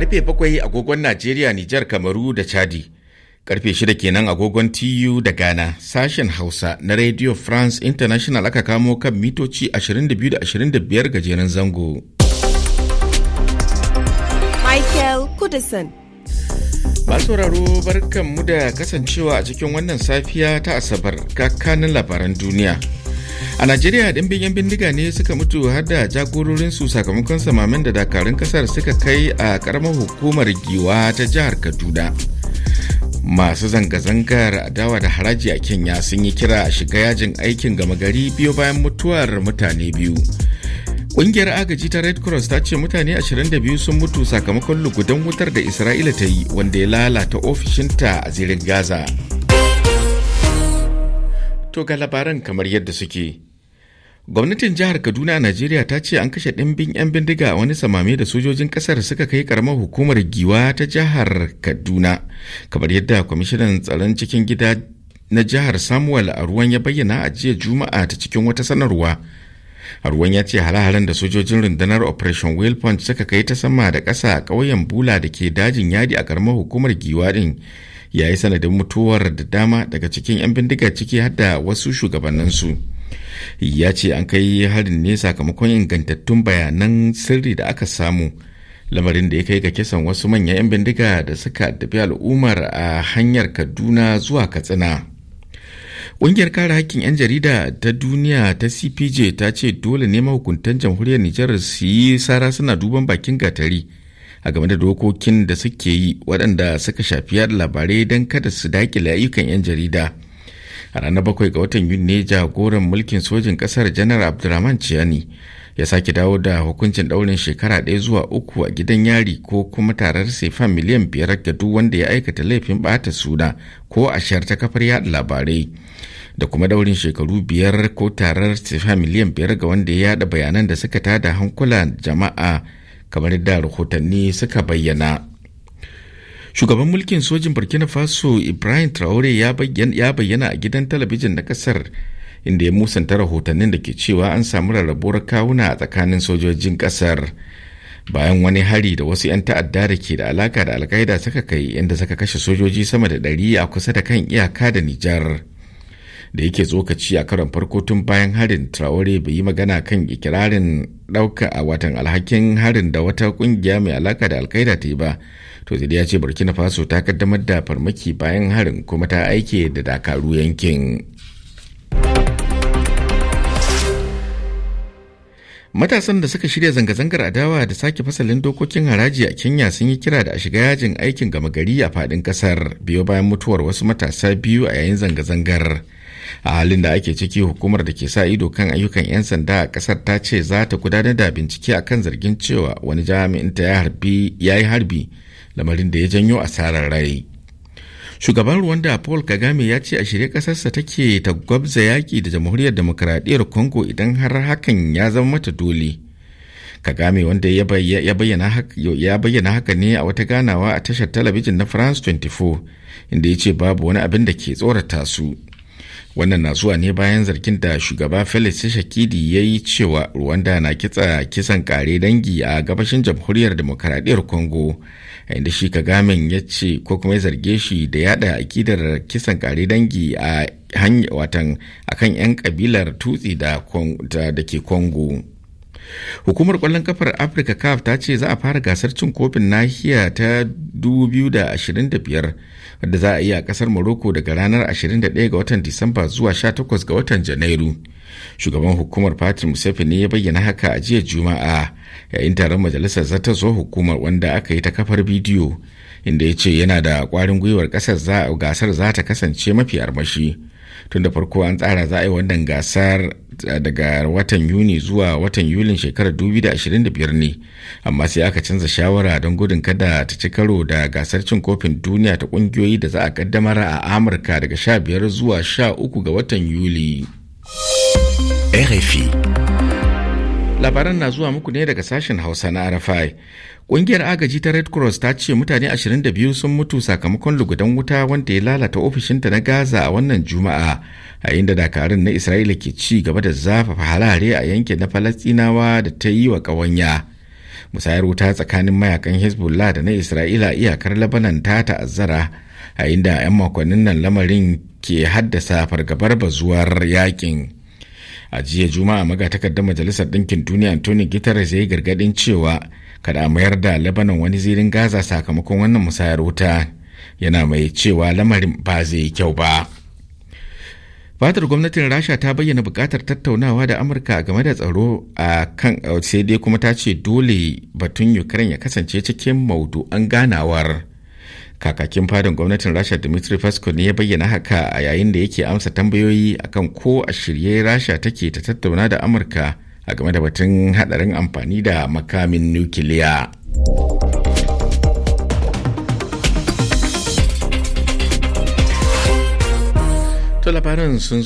karfe bakwai agogon Najeriya, Nijar, Kamaru da Chadi. Karfe shida kenan agogon TU da Ghana, sashen Hausa na Radio France International aka kamo kan mitoci 22 25 gajeren zango. Michael Kudison. Masu sauraro mu da kasancewa a cikin wannan safiya ta Asabar kakanin labaran duniya. a najeriya ɗimbin biyan bindiga ne suka mutu har da jagororinsu sakamakon samamin da dakarun kasar suka kai a karamar hukumar giwa ta jihar kaduna masu zanga-zangar adawa da haraji a kenya sun yi kira a shiga yajin aikin gama gari biyo bayan mutuwar mutane biyu Ƙungiyar agaji ta Red Cross ta ce mutane 22 sun mutu sakamakon lugudan wutar da Isra'ila ta yi wanda ya lalata ofishinta a zirin Gaza. To ga labaran kamar yadda suke. gwamnatin jihar kaduna a najeriya ta ce an kashe ɗimbin 'yan bindiga a wani samame da sojojin ƙasar suka kai karamar hukumar giwa ta jihar kaduna kamar yadda kwamishinan tsaron cikin gida na jihar samuel a ruwan ya bayyana a jiya juma'a ta cikin wata sanarwa ruwan ya ce halaharen da sojojin rundunar operation whale punch suka kai ta sama da ƙasa a ƙauyen bula da ke dajin yadi a karamar hukumar giwa din ya yi sanadin mutuwar da dama daga cikin 'yan bindiga ciki har da wasu shugabanninsu. su ya ce an kai harin ne sakamakon ingantattun bayanan sirri da aka samu lamarin da ya kai ga kisan wasu manyan 'yan bindiga da suka addabi al'ummar a hanyar kaduna zuwa katsina ƙungiyar kare hakkin 'yan jarida ta duniya ta cpj ta ce dole ne mahukuntan jamhuriyar nijar su yi sara suna duban bakin gatari a game da dokokin da suke yi waɗanda suka shafi labarai don kada su daƙile ayyukan 'yan jarida. a ranar bakwai ga watan yuni ne jagoran mulkin sojin kasar janar abdulrahman ciyani ya sake dawo da hukuncin daurin shekara ɗaya zuwa uku a gidan yari ko kuma tarar sefan miliyan biyar ga duk wanda ya aikata laifin bata suna ko a shayar ta kafar yaɗa labarai da kuma daurin shekaru biyar ko tarar sefan miliyan biyar ga wanda ya yaɗa bayanan da suka tada hankula jama'a kamar da rahotanni suka bayyana. shugaban mulkin sojin burkina faso ibrahim traore ya bayyana a gidan talabijin na kasar inda ya musanta rahotannin da ke cewa an samu rarrabuwar kawuna a tsakanin sojojin kasar bayan wani hari da wasu 'yan ta'adda da ke da alaka da alkaida suka kai inda suka kashe sojoji sama da ɗari a kusa da kan iyaka da nijar da yake tsokaci a karon farko tun bayan harin traore bai yi magana kan ikirarin ɗauka a watan alhakin harin da wata ƙungiya mai alaka da alkaida ta yi ba to ya ce burkina faso ta kaddamar da farmaki bayan harin kuma ta aike da dakaru yankin Matasan da suka shirya zanga-zangar adawa da sake fasalin dokokin haraji a Kenya sun yi kira da a shiga yajin aikin gama gari a fadin kasar biyo bayan mutuwar wasu matasa biyu a yayin zanga-zangar. A halin da ake ciki hukumar da ke sa ido kan ayyukan 'yan sanda a kasar ta ce za ta gudanar da bincike a kan zargin cewa wani jami'in ta ya yi harbi lamarin da ya janyo asarar rai. shugaban rwanda paul kagame ya ce a shirye kasarsa take ta gwabza yaki da jamhuriyar demokradiyyar congo idan har hakan ya zama mata dole kagame wanda ya bayyana haka ne a wata ganawa a tashar talabijin na france 24 inda ya ce babu wani abin da ke tsorata su wannan na zuwa ne bayan zargin da shugaba felix shakidi ya yi cewa rwanda na kitsa kisan kare dangi a gabashin jamhuriyar demokaradiyyar congo inda shi kagamen ya ce ko kuma ya zarge shi da yada akidar kisan kare dangi a hanyar watan akan 'yan kabilar tutsi da ke congo hukumar kwallon kafar afirka caf ta ce za a fara gasar cin kofin nahiya ta 2025 wadda za a yi a kasar morocco daga ranar 21 ga watan disamba zuwa 18 ga watan janairu shugaban hukumar fatir ne ya bayyana haka a jiya juma'a yayin taron majalisar zo hukumar wanda aka yi ta kafar bidiyo inda ya ce yana da kwarin gwiwar kasar gasar za ta kasance mafi armashi tun da farko an tsara za a yi wannan gasar eh, daga watan yuni zuwa watan yulin shekarar 2025 ne amma sai aka canza shawara don gudun kada ta ci karo da gasar cin kofin duniya ta kungiyoyi da za a kaddamar a amurka daga 15 zuwa 13 ga watan yuli rfi labaran na zuwa muku ne daga sashen hausa na rfi ƙungiyar agaji ta red cross ta ce mutane 22 sun mutu sakamakon lugudan wuta wanda ya lalata ofishinta na gaza a wannan juma'a a inda dakarun na isra'ila ke ci gaba da zafafa halare a yankin na falastinawa da ta yi wa ƙawanya musayar wuta tsakanin mayakan hezbollah da na isra'ila iyakar labanan ta ta'azzara a inda 'yan makonnin nan lamarin ke haddasa fargabar bazuwar yakin a jiya juma'a magatakardar majalisar ɗinkin duniya antonio guterres ya yi gargaɗin cewa kada a mayar da labanan wani zirin gaza sakamakon wannan musayar wuta yana mai cewa lamarin ba zai yi kyau ba fatar gwamnatin rasha ta bayyana bukatar tattaunawa da amurka game da tsaro a kan sai dai kuma ta ce dole batun ukraine ya kasance cikin maudu'an ganawar kakakin fadin gwamnatin rasha dimitri fasko ne ya bayyana haka a yayin da yake amsa tambayoyi akan ko a shirye rasha take ta tattauna da amurka a game da batun hadarin amfani da makamin nukiliya to sun